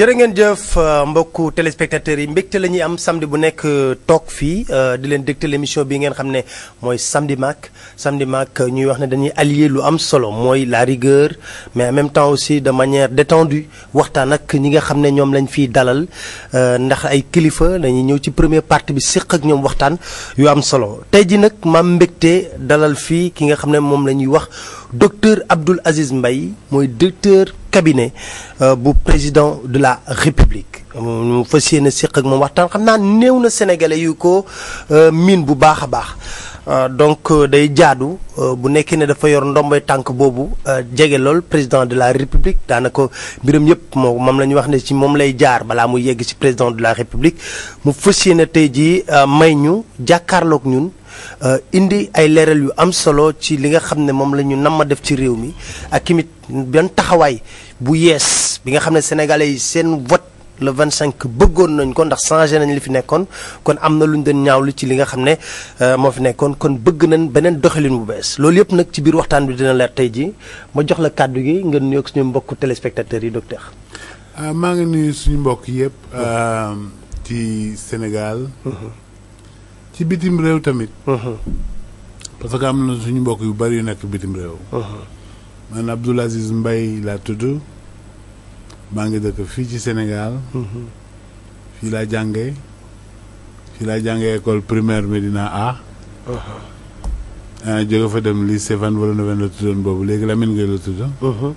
jërë ngeen jëf euh, mbokku téléspectateurs yi mbégte lañuy am samedi bu nekk euh, toog fii euh, di leen dégtal émission bi ngeen xam ne mooy samedi mag samedi mag ñuy wax ne dañuy allier lu am solo mooy la rigueur mais en même temps aussi de manière détendue waxtaan ak ñi nga xam ne ñoom lañ fi dalal ndax ay kilifa dañuy ñëw ci premier partie bi séq ak ñoom waxtaan yu am solo tey ji nag maam mbégte dalal fii ki nga xam ne moom la ñuy wax docteur Abdoul Aziz mbay mooy docteur cabinet euh, bu président de la république mu fas yéene séq ak moom waxtaan xam naa néew na sénégalais yu ko euh, miin bu baax a baax Euh, donc euh, day jaadu euh, bu nekkee ne dafa yor ndombay tànk boobu jege lool président de la république daanako mbiram yëpp moo moom la ñu wax ne ci moom lay jaar balaa mu yegg ci président de la république mu fas yéene tey jii may ñu jàkkaarlook ñun indi ay leeral yu am solo ci li nga xam ne moom la ñu namm def ci réew mi ak kimit benn taxawaay bu yees bi nga xam ne sénégalais yi seen vote le 25 bëggoon nañ ko ndax changé nañ li fi nekkoon kon am na lu ñu doon ñaawlu ci li nga xam ne euh, moo fi nekkoon kon bëgg nañ beneen doxalin bu bees loolu yëpp nag ci biir waxtaan bi dina leer tey ji ma jox la kàddu gi nga nuyoog suñu mbokku téléspectateurs yi docteur. Euh, maa ngi nuyu suñu mbokk yëpp. Euh, ci Sénégal. Mm-hmm. ci bitim réew tamit. Mm-hmm. parce am na suñu mbokk yu bari yu nekk bitim réew. Mm-hmm. man Abdoul Aziz Mbaye laa tudd. maa ngi dëkk fii ci Sénégal. Mhm. fii laa jàngee fii laa jàngee école primaire Medina A. Mhm. ah jóge fa dem lycée Van Vollenhoven la tuddoon boobu léegi Lamine Gueye la tudd. Mhm.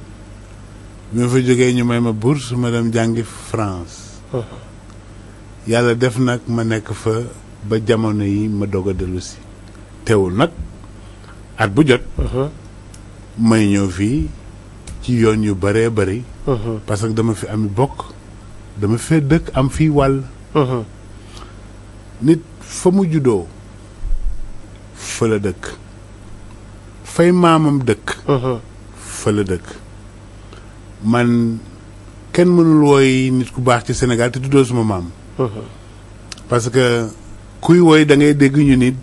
bi ma fa jógee ñu may ma bourse ma dem jàngi France. yàlla def nag ma nekk fa ba jamono yi ma doog a dellu si. teewul nag at bu jot. may ñëw fii. ci yoon yu bëree bëri. Mhm. parce que dama fi am bokk dama fee dëkk am fii wàll. Mhm. nit fa mu juddoo fa la dëkk fay maamam dëkk. Mhm. fa la dëkk man kenn mënul wooy nit ku baax ci Sénégal te tuddoo suma maam. parce kuy wooy dangay ngay dégg ñu nit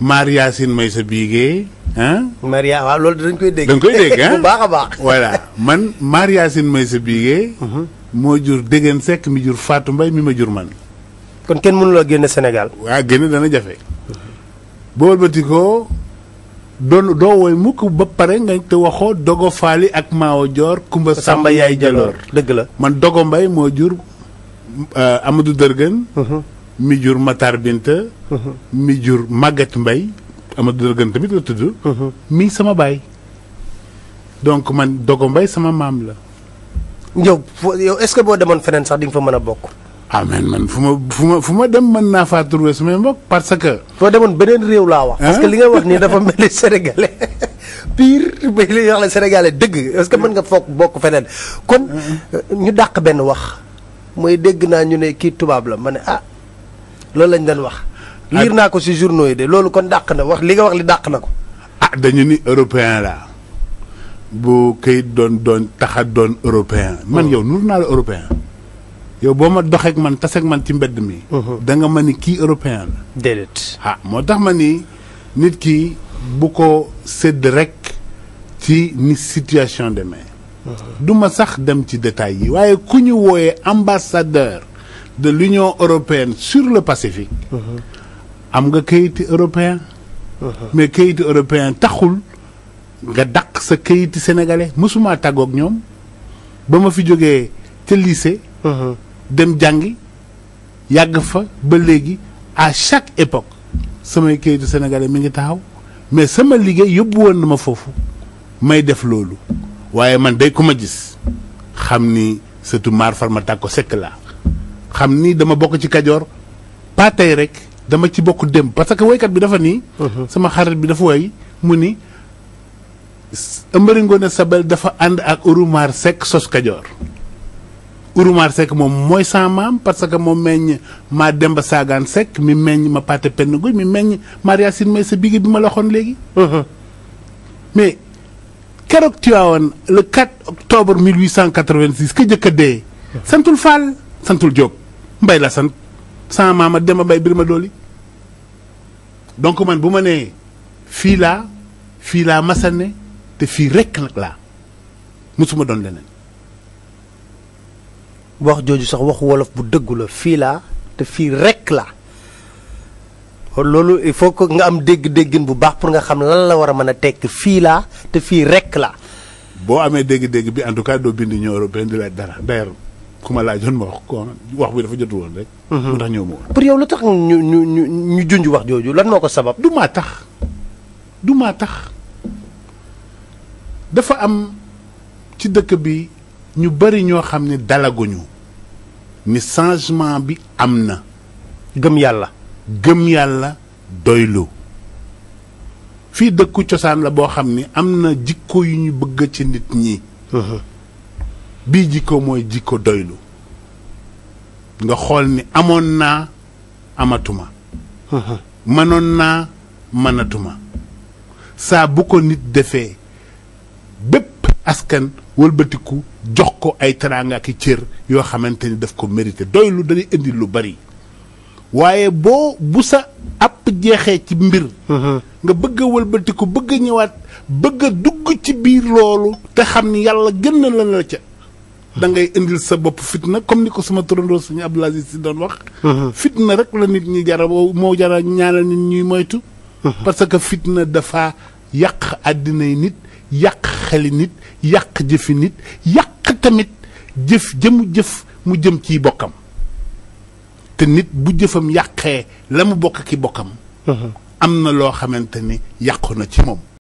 maar Yaasin may biigee. ah. Maria waaw loolu dañ koy dégg. dañ koy dégg ah baax a baax. voilà man Maria Sine may sa biigee. Mhm. moo jur déggan sekk mi jur Fatou mbay mi ma jur man. kon kenn mënuloo génne Sénégal. waaw génne dana jafe. bool bati ko doon doo woy mukk ba pare nga te waxoo Dogo Faali ak Maawo Joor Kumba Samba yaay Jaloor dëgg la man Dogo Mbay moo jur euh, Amadou Dërgën mhm. mi jur Matar Binta mhm. mi jur Maguette Mbay Amadou Dërgën tamit la tudd. Mhm. mii sama baay. donc man Dogo Mbaye sama maam la. yow yow est-ce que boo demoon feneen sax di nga fa mën a bokk. ah man fu ma fu ma fu ma dem mën naa faa trouver samay mbokk parce que. foo demoon beneen réew laa wax. parce que li nga wax nii dafa mel ni sénégalais pire li ñuy wax la dëgg est-ce que mën nga foog bokk feneen. kon euh, ñu dàq benn wax. mooy dégg naa ñu ne kii tubaab la ma ne ah loolu lañ doon wax. liir naa ko ci journaux yi de loolu kon dàq na wax li nga wax li dàq na ko. ah dañu ni européen la bu këyit doon doon taxa doon européen. man oh. yow nur naa la européen. yow boo ma doxeek man taseeg man ci mbedd mi. Uh-huh. da nga ma ni kii européen la. déedéet ah moo tax ma ni nit ki bu ko sédd rek ci ni situation demee. Uh-huh. du ma sax dem ci détails yi waaye ku ñu wooyee ambassadeur de l'Union européenne sur le Pacifique. Uh-huh. am nga kayiti européen uh-huh. mais kayiti européen taxul nga daq sa kayiti sénégalais mësuma tàggook ñoom ba ma fi jógee ca lycée uh-huh. dem jàngi yàgg fa ba léegi à chaque époque samay kayitu sénégalais mi ngi taxaw mais sama liggéey yóbbu woon na ma foofu may def loolu waaye man day ku ma gis xam ni surtout maar farma tàkko sekk laa xam ni dama bokk ci kajoor pas tey rek dama ci bokk dem parce que woykat bi dafa nii. Uh-huh. sama xarit bi dafa woy mu ni Ëmbëri Ngoone Sabel dafa ànd ak Urumar Seck sos Kajoor Urumar Seck moom mooy sa maam parce que moom meññ maa Demba Saagaan Seck mi meññ ma Paate Penn Guy mi meññ Maria Sin may sa bigi bi ma la waxoon léegi. Uh-huh. mais keroog Tiwaawan le 4 octobre 1886 ka jëkk a dee. Uh-huh. santul Fall santul Diop mbay la sant. sama maama Demba Mbaye Birima Dolly donc man bu ma nee fii laa fii laa masane te fii rekk nag laa mosuma doon leneen. wax jooju sax waxu wolof bu dëggula fii laa te fii rekk laa loolu il faut que nga am dégg-déggin bu baax pour nga xam lan la war a mën a tekk fii laa te fii rekk la boo amee dégg-dégg bi en tout cas doo bind Union européenne di la dara d'ailleurs ku ma laajoon ma wax ko wax bi dafa jotul woon rek. Mhm. tax ñëw ma pour yow lu tax ñu ñu ñu ñu junj wax jooju lan moo ko sabab. du maa tax du tax dafa am ci dëkk bi ñu bari ñoo xam ne dalaguñu ni changement bi am na. gëm yàlla. gëm yàlla doylu fii dëkku cosaan la boo xam ni am na jikko yu ñu bëgg ci nit ñi. Mhm. bii jikko mooy jikko doylu nga xool ni amoon naa amatuma mënoon naa mënatuma saa bu ko nit defee bépp askan wëlbatiku jox ko ay teraanga ak cër yoo xamante ni daf ko mérité doylu dañuy indi lu bari waaye boo bu sa àpp jeexee ci mbir nga bëgg a wëlbatiku bëgg ñëwaat bëgg dugg ci biir loolu te xam ni yàlla gën na la la ca da ngay indil sa bopp fitna comme ni ko sama turandoo suñu Abdoul Aziz si doon wax. Mhm. fitna rek la nit ñi jara moo jara ñaanal nit ñuy moytu. Mhm. parce que fitna dafa yàq àddina yi nit yàq xeli nit yàq jëfi nit yàq tamit jëf jëm jëf mu jëm ciy bokkam te nit bu jëfam yàqee la mu bokk ki bokkam. Mhm. am na loo xamante ni yàqu na ci moom.